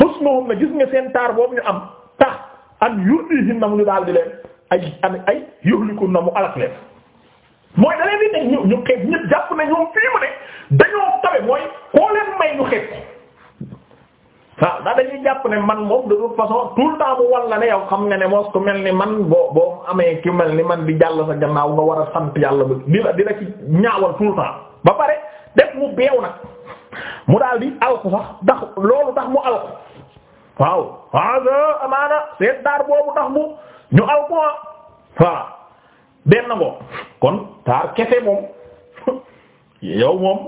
husnuhum na gis nga seen taar boobu ñu am tax an yuhlihim na mu ñu daal di leen ay ay yuhlikun na mu alak mooy da di ne ñu ñu jàpp na ñoom fii mu ne dañoo tabe mooy koo leen may ñu xeeb waaw ndax dañuy jàpp ne man moom de toute façon tout le temps mu wan la ne yow xam nga ne moos ku mel ni man boo boo amee ki mel ni man di jàll sa gannaaw nga war a sant yàlla ba di dina di la ci ñaawal tout temps ba pare def mu beew nag mu daal di alku sax ndax loolu mu alku waaw waaw amaana seen taar boobu tax mu ñu al ko ah. waaw benn ngo kon taar kese moom yow moom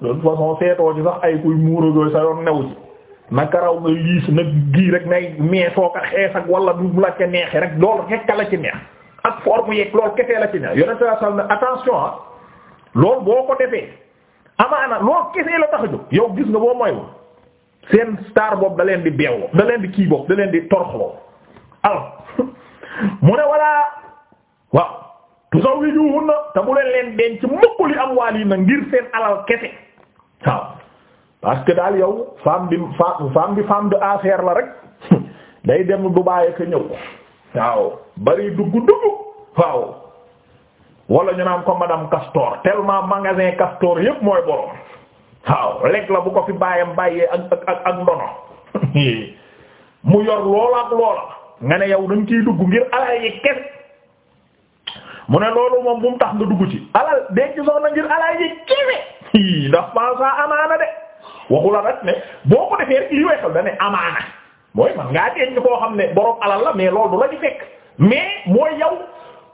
loolu façon seetoo ci sax ay kuy muuro yooyu sa yoon new ci na karaw nga liis na gii rek nay meesoo ka xees ak wala du la ca neexee rek loolu rekka la ci neex ak forme yeeg loolu kese la ci neex yonente la sal ne attention ah loolu boo ko defee amaana loolu kese la tax a yow gis nga boo moywul seen star boobu da leen di beewloo da leen di kii boobu da leen di torxloo alors mu ne voilà waaw tuzawwijuhunna te bu leen leen denc mukk li na ngir seen alal kese waaw parce que daal yow femme bi femme bi femme de affaire la rek day dem du bàyyi ko ñëw waaw bari dugg dugg waaw wala ñu naan ko madame Castor tellement magasin Castor yépp mooy borom. waaw lekk la bu ko fi baayam bàyyee ak ak ak ndono mu yor loola loola nga ne yow dañ ciy dugg ngir alal yi kes mu ne loolu moom tax nga dugg ci alal denc soxna ngir alal yi kese ndax pensa amaana de waxu rek ne boo ko defee rek li way xel amaana mooy man ngaa denc koo xam ne borom alal la mais loolu du la fekk mais mooy yow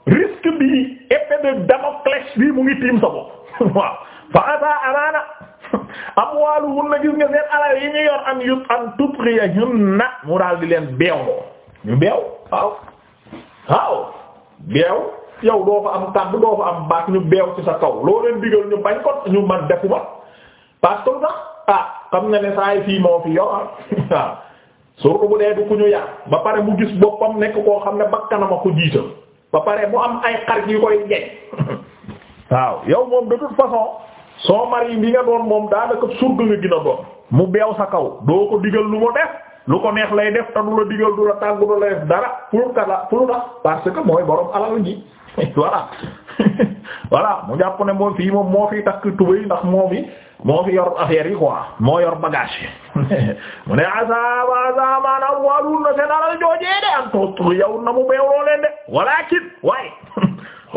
risque bi épée de Damoclès bi mu ngi tiim sa bopp waaw fa amaana amwaaluhunna gis nga seen alal yi ñu yor an yut an tutriyahunna mu daal di leen beew moom ñu beew waaw waaw beew yow doo fa am tàmb doo fa am baax ñu beew ci sa kaw loo leen digal ñu bañ ko ñu man defuma parce que sax ah xam nga ne saay fii moo fi yor waaw surtout bu dee ku ñu yar ba pare mu gis boppam nekk koo xam ne bakkanama ko jiital ba pare mu am ay xarit yu koy jeex waaw yow moom de toute façon soo mari bi nga doon moom daanaka surga nga gën a doon mu beew sa kaw doo ko digal lu mu def lu ko neex lay def te du la digal du la tàggu du la def dara pour que la pour la parce que mooy borom alal ji voilà voilà mu jàpp ne moom fii moom moo fi takk tubéy ndax moo fi moo fi yor affaire yi quoi moo yor bagage yi mu ne asaba asamaana waalul na seen alal joojee de an totru yow na mu beew loo leen de walakin waaye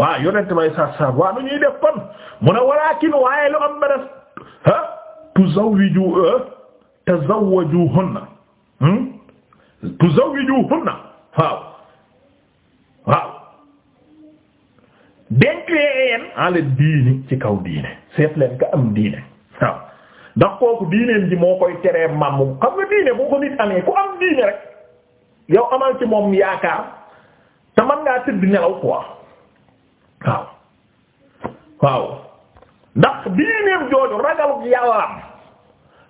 waa yonent bay sax sax waa nu ñuy def kon mu ne walaakin waaye lu am ba def ah tuzawwiju tazawwajuhunna hmm, tuzawwijuhunna waaw waaw denc leen ala diini ci kaw diine seet leen ka am diine waaw ndax kooku diineen ji moo koy teree maam xam nga diine boo ko nit amee ku am diine rek yow amal ci moom yaakaar te mën ngaa tëdd nelaw quoi. waaw ndax diineem jooju ragal yàllaam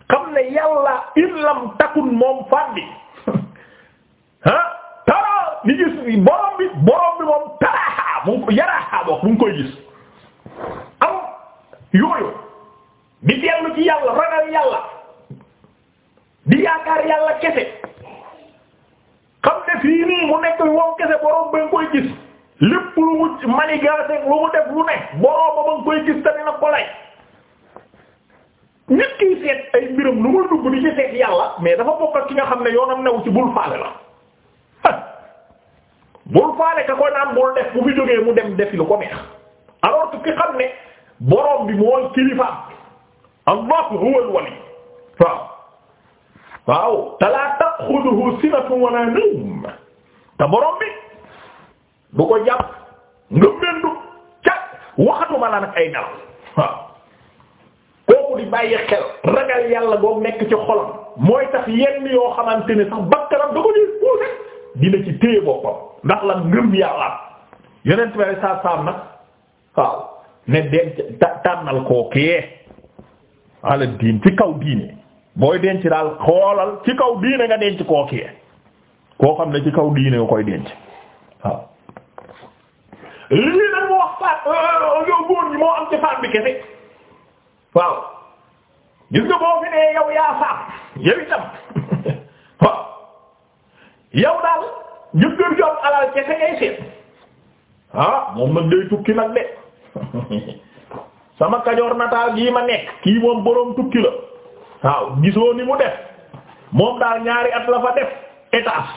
xam ne yàlla in lam takun moom fàddi ah tara ni gis borom bi borom bi moom taraxaa mu yaraxaa bokk mu koy gis am yooyu di dellu ci yàlla ragal yàlla di yaakaar yàlla kese xam ne fii nii mu nekk moom kese borom ba nga koy gis lépp lu mu manigaase lu mu def lu ne borom ba nga koy gis tamit nag ko nit kiy seet ay mbiram lu muy dugg di ci seet yàlla mais dafa bokk ak ki nga xam ne yoonam new ci bul faale la bul faale ka koy naan bul def bu fi jógee mu dem defi lu ko neex alors ki xam ne borom bi mooy kilifaam Allahu huwal wali waaw waaw te laa taxuduhu sinatun wala nawm te borom bi du ko jàpp nga mendu ca waxatuma la nag ay nelaw waaw kooku di bàyyi xel ragal yàlla boo nekk ci xolam mooy tax yenn yoo xamante ne sax bakkaram da ko di puuse dina ci téye boppam ndax la ngëm yàlla yonent bi alei saatu salaam nag waaw ne denc tànnal kookee ala diin ci kaw diine booy denc daal xoolal ci kaw diine nga denc kookee koo xam ne ci kaw diine nga koy denc lii nag moo wax faat euh, euh, yow góor ñi moo am ci faat bi kese waaw gis nga boo fi nee yow yaa faam yow itam waaw daal jëkkër ju am alal kese ngay seet ah moom nag day tukki nag de sama kajoor nataal gi ma nekk kii moom boroom tukki la waaw gisoo ni mu def moom daal ñaari at la fa def étage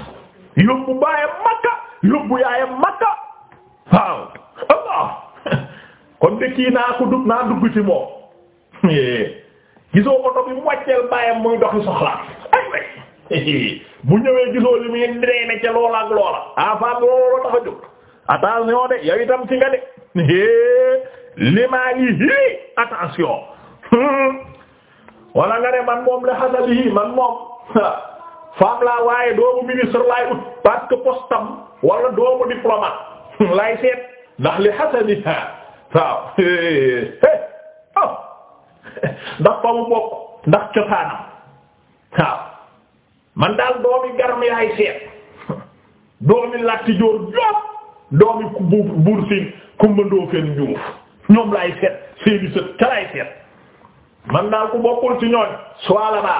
yóbbu baayam makka yóbbu yaayam makka waaw kon de kii naa ko dugg naa dugg ci moom eh. gisoo oto bi mu wàcceel bàyyam muy doxi soxla ay bu ñëwee gisoo li muy drainer ca loola ak loola avant ah, loolu tax nga de eh. man moom la xasal yii man moom femme laa waaye doomu ministre laay ut parce que postam wala doomu diplomate laay ndax li xasaniha waaw oh. ndax fa mu bokk ndax cosaanam waaw man daal doomi garmi laay seet doomi latti joor joop doomi buur buur kumbandoo fen juuf ñoom laay seet seeni ca laay man daal ku bokkul ci ñooñ soila ba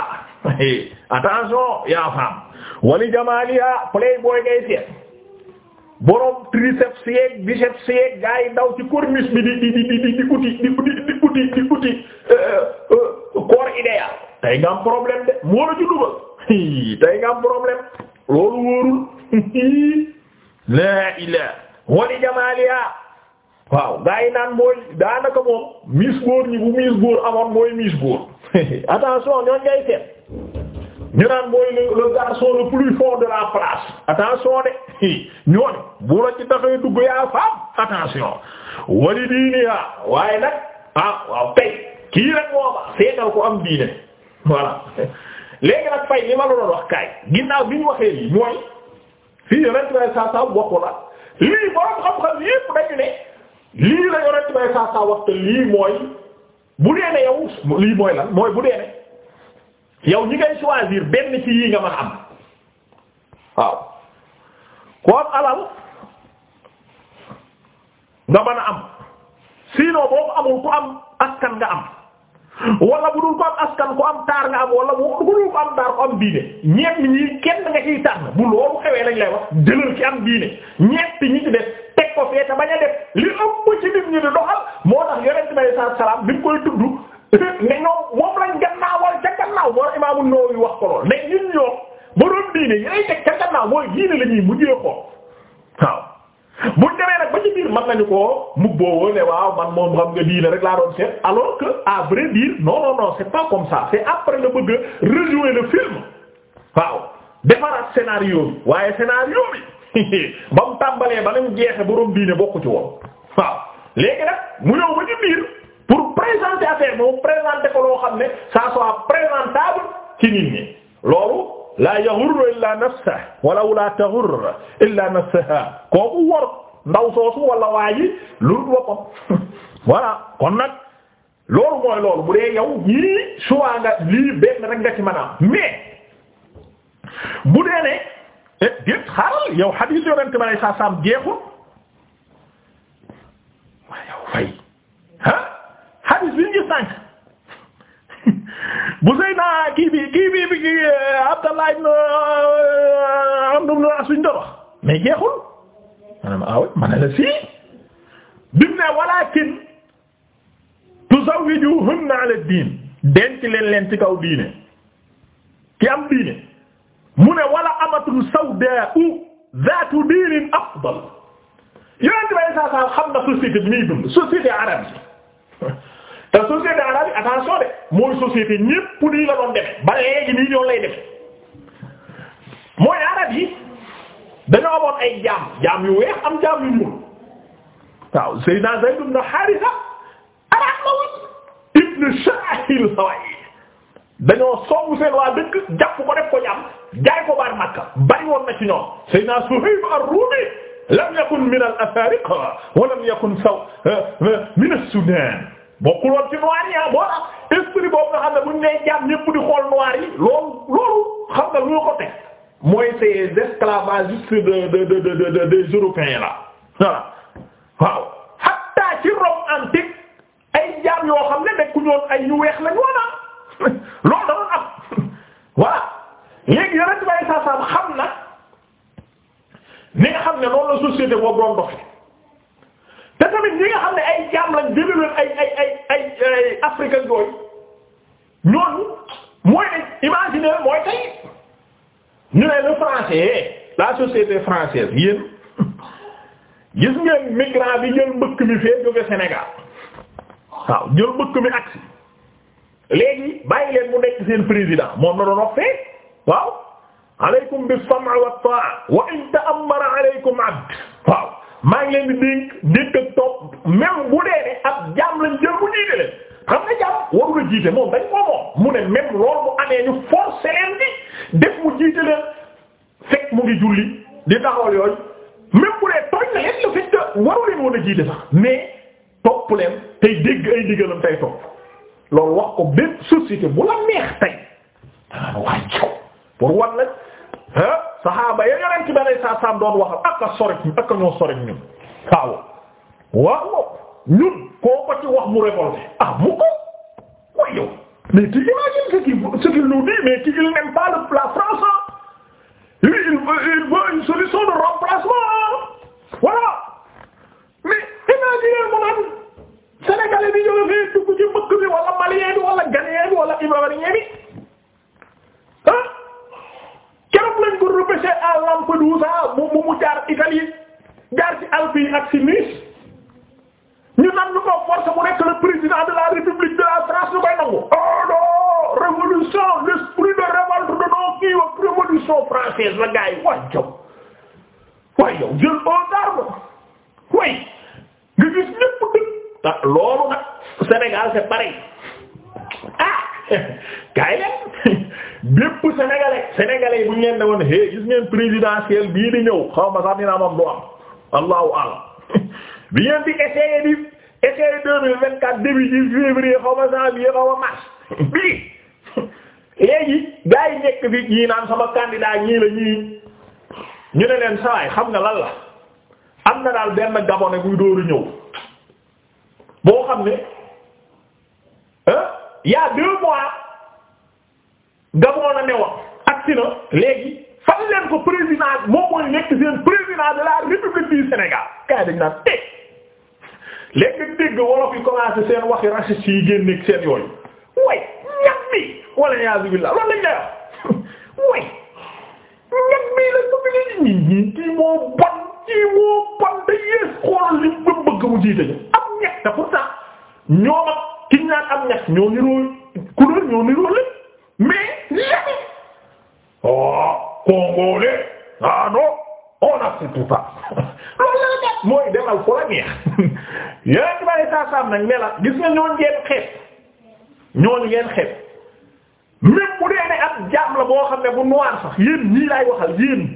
attention yaa femme wali jamaliha playboy ngay seet boro triceps yeeg biceps yeeg gaa yi daw ci corniche bi di di di di di uti di uti di uti di uti euh, euh, corps idéal tey nga am de moo la ci dugal tey nga am problème loolu wóorul la ila wali jamaliha waaw gaa yi naan mooy daanaka moom miis góor ñi bu miis góor amoon mooy miis góor attention ñooñ ngay seet ñu naan mooy le garçon le plus fort de la place dugg yaa faam attention ah, li ma la doon wax kaay ginnaaw bi ñu waxee lii mooy fii yonent bay saa wax te lii mooy bu dee ne yow lii mooy lan mooy bu dee ne yow ñi ngay choisir benn ci yii nga mën a am waaw ko am alal nga mën a am sinon boo ko amul ku am askan nga am wala bu dul ko am askan ku am taar nga am wala bu dul ko am taar ko am diine ñeent ñi kenn nga ciy tànn bu loolu xewee lañ lay wax jëlal ci am diine ñeent ñi ci def teg ko fee bañ a def li ëpp ci nit ñi di doxal moo tax yonent bi sallallahu alayhi wasallam bi koy tudd mais ñoom moom lañ gannaawal ca gannaaw moo imaamu Nawawi wax ko gannaaw mooy diine la ñuy mujjee xool waaw. bu demee nag ba ci biir mën nañu koo mubboowoo ne waaw man moom xam nga diine rek laa doon seet alors que à vrai dire non non pas comme ça c'est après nga bëgg a rejouer film waaw defaraat scénario bi waaye scénario bi ba mu tàmbalee ba nañ jeexe boroom diine bokku ci woon waaw léegi nag mu ñëw ba ci biir. présenté affaire moom présenté ko loo xam ci nit loolu la yaghurru illa nafsahu walaw la taghurru illa nafsaha kooku wor ndaw soosu wala waa ji lul boppam voilà kon nag loolu mooy loolu bu dee yow yii suwaa nga lii benn rek ci mën a bu dee ne gét eh, xaaral yow xadiis yorente ma nay sa sam jeexul waaw yow fay ah xadis bi ñu gis sànq bu Seydina kii bi kii bi bi kii eh, Abdallah ibn eh, Amr ibn As suñ wax mais jeexul maanaam ah oui ma ne la si bi mu ne walakin tuzawwijuhunna ala diin denc leen leen ci kaw diine ki am diine mu ne wala amatun sawdaa'u zaatu diinin afdal yonent bi saa saa xam na société bi muy dund société arabe te société arabe yi attention de mooy société nii la doon def ba léegi nii ñoo lay def mooy arabe yi dañoo amoon ay jaam yu weex am jaam yu ñuul waaw Seydina Zayd ibn Haarisa arabe la ibn Shahil Hawayi dañoo soowu seen waa dëkk jàpp ko def ko jaam jaay ko baar Makka bari woon na ci ñoom Seydina Suhayb ar-Rumi lam yakun min al-Afariqa wa lam yakun min as-Sudan bokkul woon ci noir yi boo ah, tax esprit boobu nga xam ne bu nee jàmm ñépp di xool noir yi loolu loolu xam nga lu ko teg mooy ces esclavagistes de de de de de des européens là waaw. hatta ci Rome antique ay jàmm yoo xam ne nekkuñu woon ay ñu weex lañu woon ah da doon am voilà léegi yeneen tubaab yi sax xam na ni xam ne loolu la société boobu doon doxee. te tamit ñi nga xam ne ay jaam ay ay ay ay africain yooyu ñooñu mooy ne imaginer mooy tey ñu ne le français la société française yéen gis ngeen migrant bi jël mbëkk mi fee jóge Sénégal waaw jël mbëkk mi agsi léegi bàyyi leen mu nekk seen président moom na doon wax fee waaw aleykum bis wat-ta'a wa in ta'ammara abd waaw maa ngi leen di dénk dénk ak topp même bu dee ne ab jaam lañ jël mu jiite leen xam nga jaam waru la jiite moom dañ koo moom mu ne même loolu mu amee ñu forcé leen di def mu jiite leen fekk mu ngi julli di taxawal yooyu même bu dee tooñ na leen la fekk waru leen woon a jiite sax mais topp leen tey dégg ay diggalam tey topp loolu wax ko bépp société bu la neex tey daan waay jow pour wan la ah saxaaba ya yonent bi alayhi salaam doon waxal ak a sori ak a ñoo sori ñun waaw waaw ñun koo ko ci wax mu révolté ah mu ko mooy yow mais tu imagines ce qu'il ce qu'il nous dit mais qu'il n'aime pas la France il il veut une solution de remplacement voilà mais imaginez mu naan Sénégalais bi ñoo ngi dugg ci mbëkk bi wala Malien bi wala Ghanéen bi wala Ivoirien bi. c'est à Lampedusa mu mu jaar Italie jaar ci Alpes yi ak ci Nice ñu nam ñu ko force mu nekk le président de la République de France ñu koy nangu. oh non révolution l'esprit de révolte de nos kii wa révolution française la gars yi waay yow waay yow jël aux armes waay nga gis ñëpp dëgg. ah ah. kaay leen bépp sénégalais sénégalais bu ñu leen demoon hé gis ngeen présidentiel bii di ñëw xaw ma sax dina am du am allahu alam bi ngeen di essayer di essayer deux mille vingt quatre début ci février xaw ma janvier xaw ma mars bii léegi gars yi nekk fi naan sama candidat ñii la ñii ñu ne leen sawaay xam nga lan la am na daal benn gabone buy dóoru ñëw boo xam ne y deux mois gamoon a ne wax agsi na léegi fal leen ko président moom mooy nekk seen président de la république Sénégal kay dañ naan teg eh! léegi dégg wolof yi commencé seen waxi raciste yi génn nekk seen yooyu way ñag mi wala yaasu billah lañ lay wax way ñag mi la ko bi ngi ñi ñi kii moo bon kii moo bon da yées xool li ba bëgg mu jiite ñu am ñeg te pourtant ñoom ak def ñoo niroo couleur ñoo niroo lépp mais léegi oh congolais ah non on n'accepte pas mooy demal fu la neex yéen ci saa saam nag ne gis nga ñooñu ngeen xeeb ñooñu ngeen xeeb même bu dee ne ab jaam la boo xam ne bu noir sax yéen ñii laay waxal yéen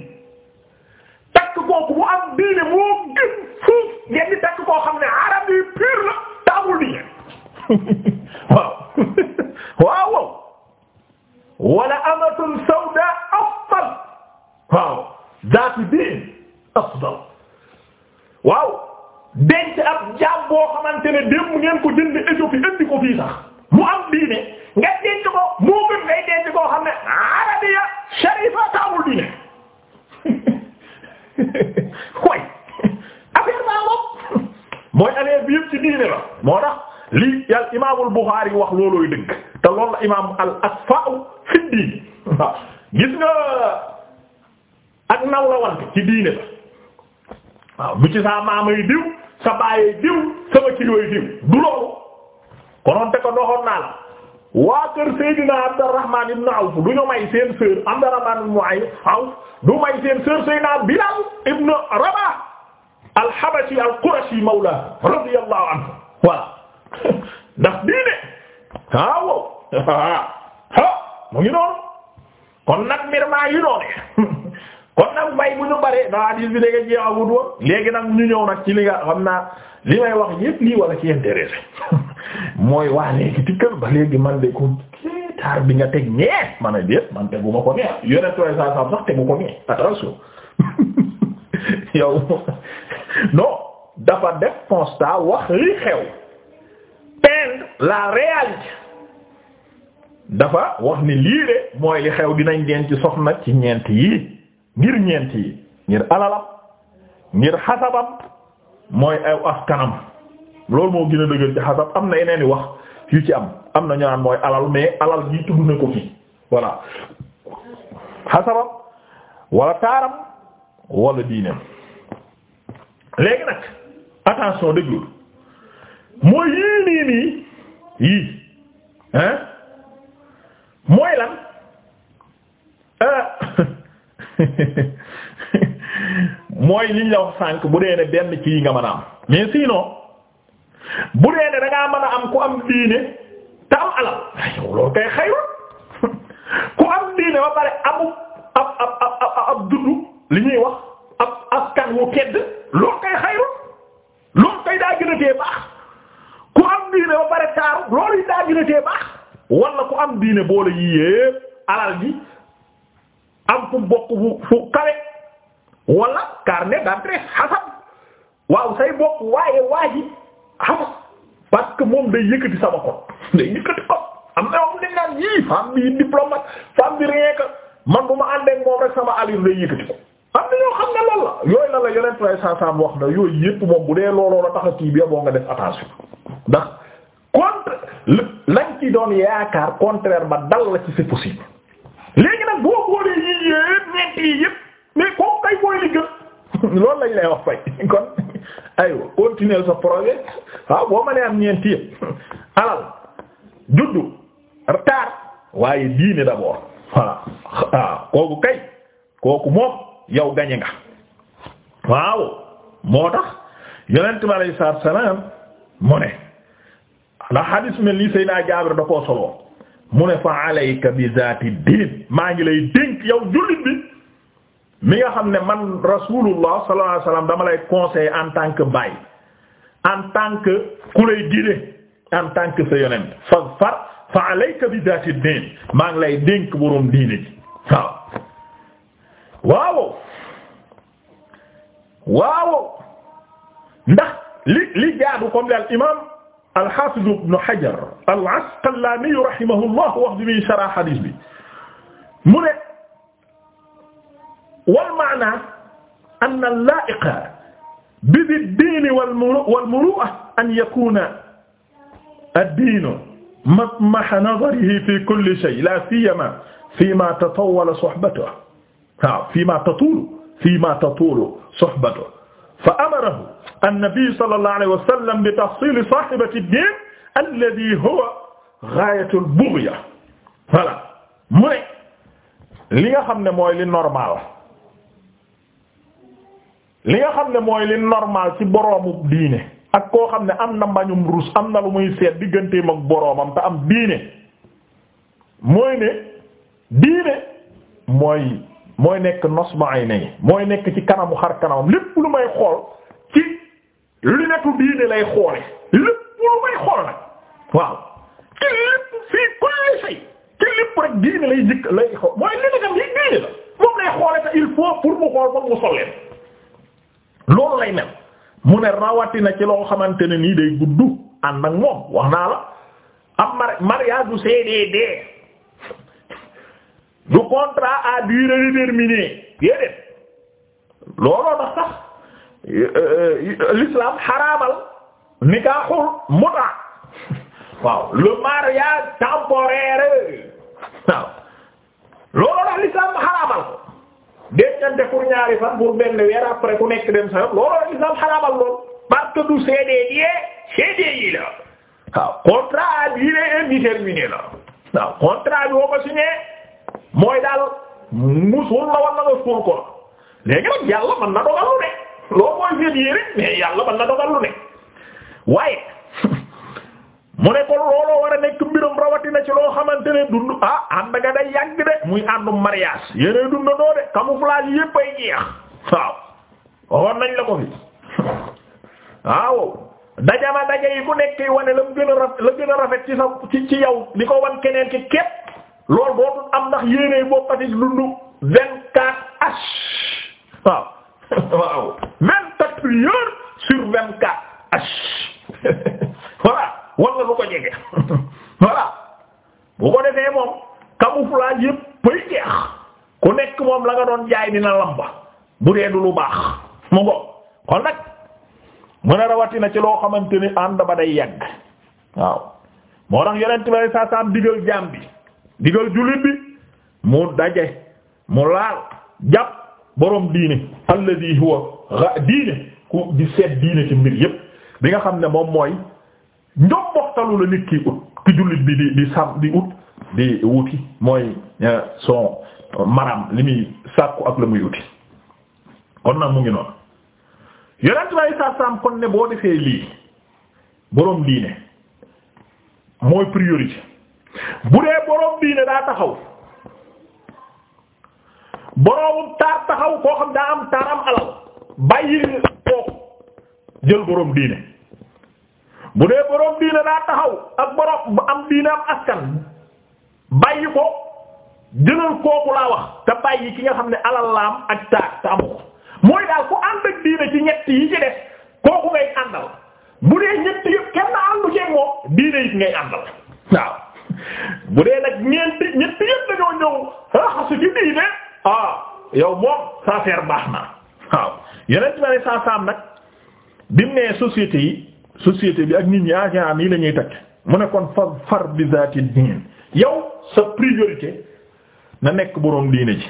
takk kooku bu am diine moo gën fuuf ngeen di takk koo xam ne arab yi pur la taabul di waaw waaw waaw wala amatun sawda afdal waaw zaatu diin afdal waaw denc ab jaam boo xamante ne démb ngeen ko jënd Éthiopie indi ko fii sax mu am diine imaamul Buxaari wax loolooy dëgg te loolu la al asfa'u fi diin gis nga ak naw la ci diine la ci saa maamay diw sa baayee diw sama kilooy diw du loolu konoon te ko doxoon naa la waa kër Seydina Abdurrahman ibn Awf du ñu may seen sœur Abdurrahman ibn Awf du may seen sœur Seydina Bilal ibn Rabah al-Habashi al-Qurashi mawla radiyallahu anhu waaw ndax diine ah waaw ah mu ngi noonu kon nag mbir maa ngi noonu kon nag mbay bu ñu bare daa di bi dégg jeexagut woon léegi nag ñu ñëw nag ci li nga xam naa li may wax yépp lii wala ci intéressé mooy waa léegi dikkal ba léegi man de ko taar bi nga teg ñee man a déet man teguma ko nee yonent way saa saam sax tegu ko nee attention yow non dafa def constat wax li xew la réalité dafa wax ni lii de mooy li xew dinañ denc soxna ci ñeent yi ngir ñeent yi ngir alalam ngir xasabam mooy aw askanam loolu moo gina a dëgër ci xasab am na yeneen i wax yu ci am am na ñu naan mooy alal mais alal gi tudd na ko fi voilà xasabam wala taaram wala diineem léegi nag attention déglu mooy yii nii nii yii hein mooy lan euh, mooy liñ la wax sànk bu dee ne benn ci yi nga mën a am mais bu dee ne da ngaa mën a am ku am diine te am alal yow loolu kay xayru ku am diine ba pare amu ab ab ab ab dudd li ñuy wax ab askan wu tedd loolu kay xayru loolu kay daa gën a tee baax ku am diine ba pare taaru loolu daa gën a baax wala ku am diine boole yii yépp alal ji am fu bokk fu fu kawe wala carnet d'adresse xasab waaw say bokk waaye waa ji parce que moom day yëkkati sama xol day yëkkati xol am na moom dañ naan yii femme bi diplomate femme bi rien que man bu ma àndeek moom rek sama allure day yëkkati ko am na ñoo xam ne loolu la yooyu la la yonent way sa sam wax na yooyu yépp moom bu dee looloo la tax a kii bi ndax contre lañ ci doon yaakaar contraire ba dal la ci c'est possible léegi nag boo boolee yii yëpp ñeent yi yëpp mais kooku kay booy li gën lañ lay wax fay kon aywa continuer sa projet waaw ah, kay kooku moom yow gañe nga waaw moo tax yonent bi alayhi salaam mu ne. ndax hadis mel nii Seydina Jaabir da mu ne fa alayka bi zaati diin maa ngi lay dénk yow jullit bi mi nga xam ne man rasulullah sallallahu alayhi wasallam dama lay conseiller en tant que baay en tant que ku lay guider fa far bi zaati diin maa ngi lay dénk boroom ndax li li jaadu al imam al-Hafiz Ibn Hajar al-Asqalani rahimahullah wax bi muy sarah hadith bi mu ne wal ma'na anna al-la'iqa bi ad-din wal muru'a an yakuna ad-din matmaha nadharihi fi kulli shay la siyama fima tatawwala suhbatuhu ha fima tatulu fima tatulu suhbatuhu fa amarahu annabi sallallahu alayhi wa sallam bi tahsil sahibati ad-din alladhi huwa ghaayatu al-bughya mu ne li nga xam ne mooy li normal li nga xam ne mooy li normal ci boroomu diine ak koo xam ne am na mbañum rus am na lu muy seet digganteem ak boroomam te am diine mooy ne diine mooy mooy nekk nos ma ay nañi mooy nekk ci kanamu xar kanamam lépp lu may xool ci lunettu diine lay xoole lépp lu may xool nag waaw ci fii kulli shay ci diine lay jëkk lay xool mooy lunetam yi diine la moom lay xoole te il faut pour mu xool foog mu solleen loolu lay mel mu ne rawatina ci loo xamante ne nii day gudd ànd ak moom wax naa la am mariage du CDD du contrat à durée déterminée déedéet looloo tax sax Euh, euh, l'islam xaraamal nikaaxul muta waaw le mariage temporaire waaw l'islam xaraamal ko dencante pour ñaari fan pour weer après dem sa yoon loolu l'islam xaraamal lool parce que du CDD CDI la waaw contrat à durée indéterminée la waaw contrat bi boo ko signé mooy daal musul la wala nga suul ko léegi nag yàlla loolu mooy seen yéene mais yàlla mën na dogal lu ne waaye mu ne looloo war a nekk mbirum rawatina ci loo xamante ne dund ah ànd nga day yàgg de muy àndum mariage yéenay dund doo de camouflage yépp ay jeex waaw waxoon nañ la ko fi waaw dajama daja yi ku nekk wane la mu gën a rafet ci sa ci ci yow di ko wan keneen ki képp lool dootul am ndax yéenay bokkati dund vingt-quatre h waaw. waaw vingt-quatre heures sur vingt-quatre h voilà wala lu ko jege voilà bu ko defee moom camouflage yëpp bay jeex ku nekk moom la nga doon jaay dina lamba bu dee du lu baax mu ngo kon nag mën a rawatina ci loo xamante ni ànd ba day yàgg waaw moo tax yonent bi saa saam jaam bi digal jullit bi mu daje mu laal jàpp boroom diine alladi huwa diine ku di seet diine ci mbir yépp bi nga xam ne moom mooy njomboxtalu la nit ki ut ki jullit bi di di sàm di ut di wuti mooy euh, son maram li muy sàkku ak la muy uti kon nag mu ngi noonu yonent bi alei kon ne boo defee lii boroom diine mooy priorité bu dee boroom diine daa taxaw boroomum taar taxaw koo xam daa am taar am alal bàyyi kooku jël boroom diine bu dee boroom diine daa taxaw ak boroom am diine am askan bàyyi ko jëlal kooku laa wax te bàyyi ki nga xam ne alal la am ak taar te amu mooy daal ku ànd ak diine ci ñett yi ci def kooku ngay àndal bu dee ñett yëpp kenn àndu ci moom diine it ngay àndal waaw bu dee nag ñeenti ñett yëpp dañoo ñëw raxasu ci diine ah yow moom sa affaire baax na waaw yeneen ma ne saa saam nag bi mu nee société yi société bi ak nit ñi en général nii la ñuy takk mu ne kon far far bi zaati diin yow sa priorité na nekk boroom diine ci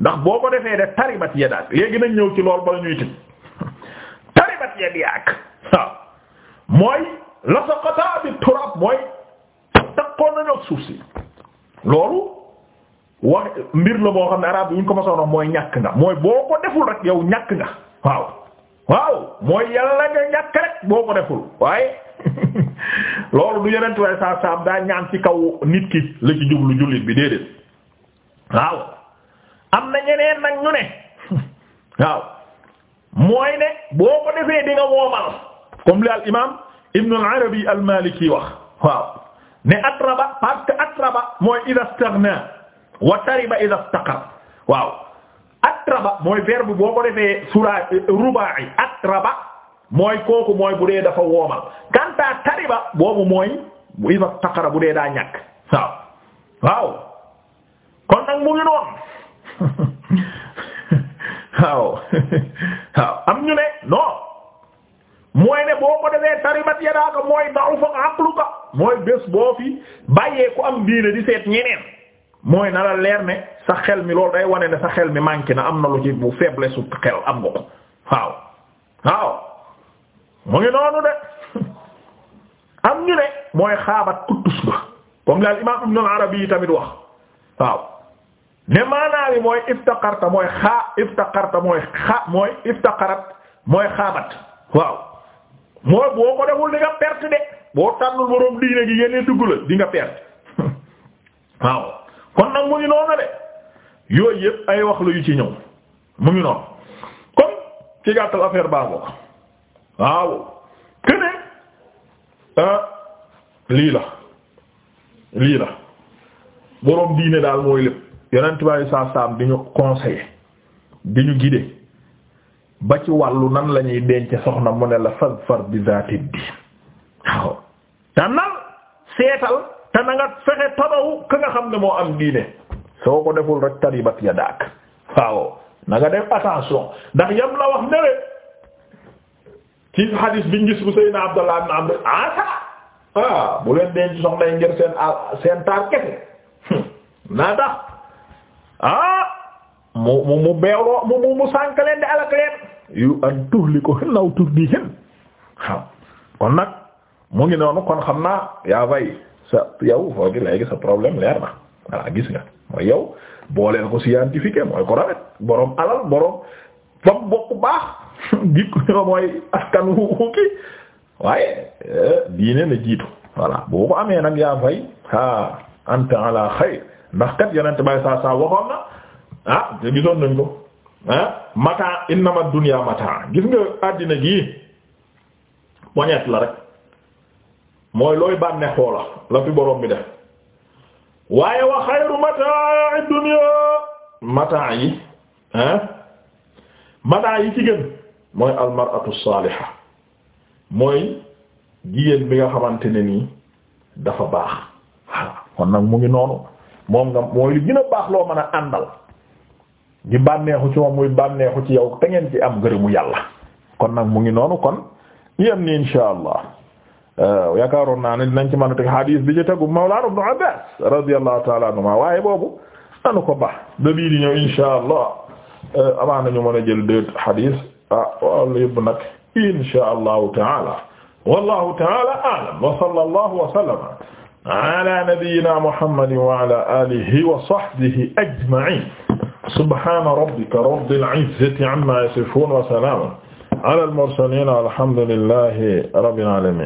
ndax boo ko defee de taribat yadaak léegi nañ ñëw ci lool bala ñuy tëj taribat yadaak waaw mooy la sa xataa bi turab mooy takkoon nañu ak suuf si loolu wax mbir la boo xam ne arab yi ñu ko mosoon wax mooy ñàkk nga mooy boo ko deful rek yow ñàkk nga waaw waaw mooy yàlla nga ñàkk rek boo ko deful waaye loolu du yeneen way sa saam daa ñaan ci kaw nit ki la ci jublu jullit bi déedéet waaw am na ñeneen nag ñu ne waaw mooy ne boo ko defee di nga woomal comme li al imam al arabi al maliki wax waaw ne atraba parce que atraba mooy ida staghna wa tariba idha iftaqar waaw atraba mooy verbe boo ko defee sura euh, ruba'i atraba mooy kooku mooy bu dee dafa woomal kanta tariba boobu mooy idha iftaqara bu dee daa ñàkk waaw kon nag mu ngi noonu waaw waaw am ñu ne non mooy ne boo ko defee taribat yadaaka mooy da'ufa aqluka mooy bés boo fi bàyyee ku am diine di seet ñeneen mooy na la leer ne sa xel mi loolu day wane ne sa xel mi manqué na am na lu ci bu faiblesse su xel am nga ko waaw waaw mu ngi noonu de am ñu ne mooy xaabat kuttus ba comme la imam Ibn al-Arabi yi tamit wax waaw ne maanaa mooy iftaqarta mooy xaa iftaqarta mooy xaa mooy iftaqarat mooy xaabat waaw mooy boo ko deful di perte de boo tànnul boroom diine gi yénee dugg la di perte waaw kon nag mu ngi noonu de yooyu yëpp ay wax lu yu ci ñëw mu ngi noonu kon ci gàttal affaire baago waaw kene ah, lii la lii la boroom diine daal mooy lépp yonent bi saa saam di ñu conseiller di ñu guider ba ci wàllu nan la ñuy denc soxna mu ne la fas far bi zaati diin waaw tànnal seetal te na nga fexe tabawu ka nga xam ne moo am diine soo ko deful rek taribat ya daak waaw na nga def attention ndax yam la wax nele ci hadis biñ gis ah, yi ngir seen seen taar kese naa tax ah mu mu mu beewloo mu mu mu sànk leen alak leen yu an tuhlikunna aw turdihinna waaw kon nag mu ngi noonu kon xam naa yaa bay sa yow foogi léegi sa leer gis nga mooy yow booleel ko scientifique mooy ko rafet boroom alal boroom fam bokk baax jikko yo mooy askan wu ki waaye eh, diine na jiitu voilà boo ko amee nag yaa fay a anta ala xayr ndax kat yonent bay saa saa waxoon na ah te gisoon nañ ko ah mata innama dunya mata gis nga àddina gi moñet la rek mooy looy bànne xoola la fi borom bi de waaye wa xayru mataa dunya mataa yi hein mataa yi ci gën mooy almaratu saaliha mooy gigéen bi nga xamante ne nii dafa baax kon nag mu ngi noonu moom nga mooy li gën a baax loo mën a àndal gi bànneexu ci moom muy bànneexu ci yow te ngeen ci am gërëmu yàlla kon nag mu ngi noonu kon yem ni insha allah yaakaaroon naa ne dinañ ci mën a teg hadis bi ci tegu Mawlaana Ibnu Abbaas radiyallahu ta'ala anhuma waaye boobu anu ko baax da bii di ñëw insha allah euh, amaana ñu mën a jël deux hadis ah wala yëpp nag insha allahu ta'ala wallahu ta'ala a'lam wa sallallahu wa sallama ala nabiyyina muhammadin wa ala alihi wa sahbihi ajma'in subhana rabbika rabbil izzati amma yasifun wa salamun ala al mursalin alhamdulillahi rabbil alamin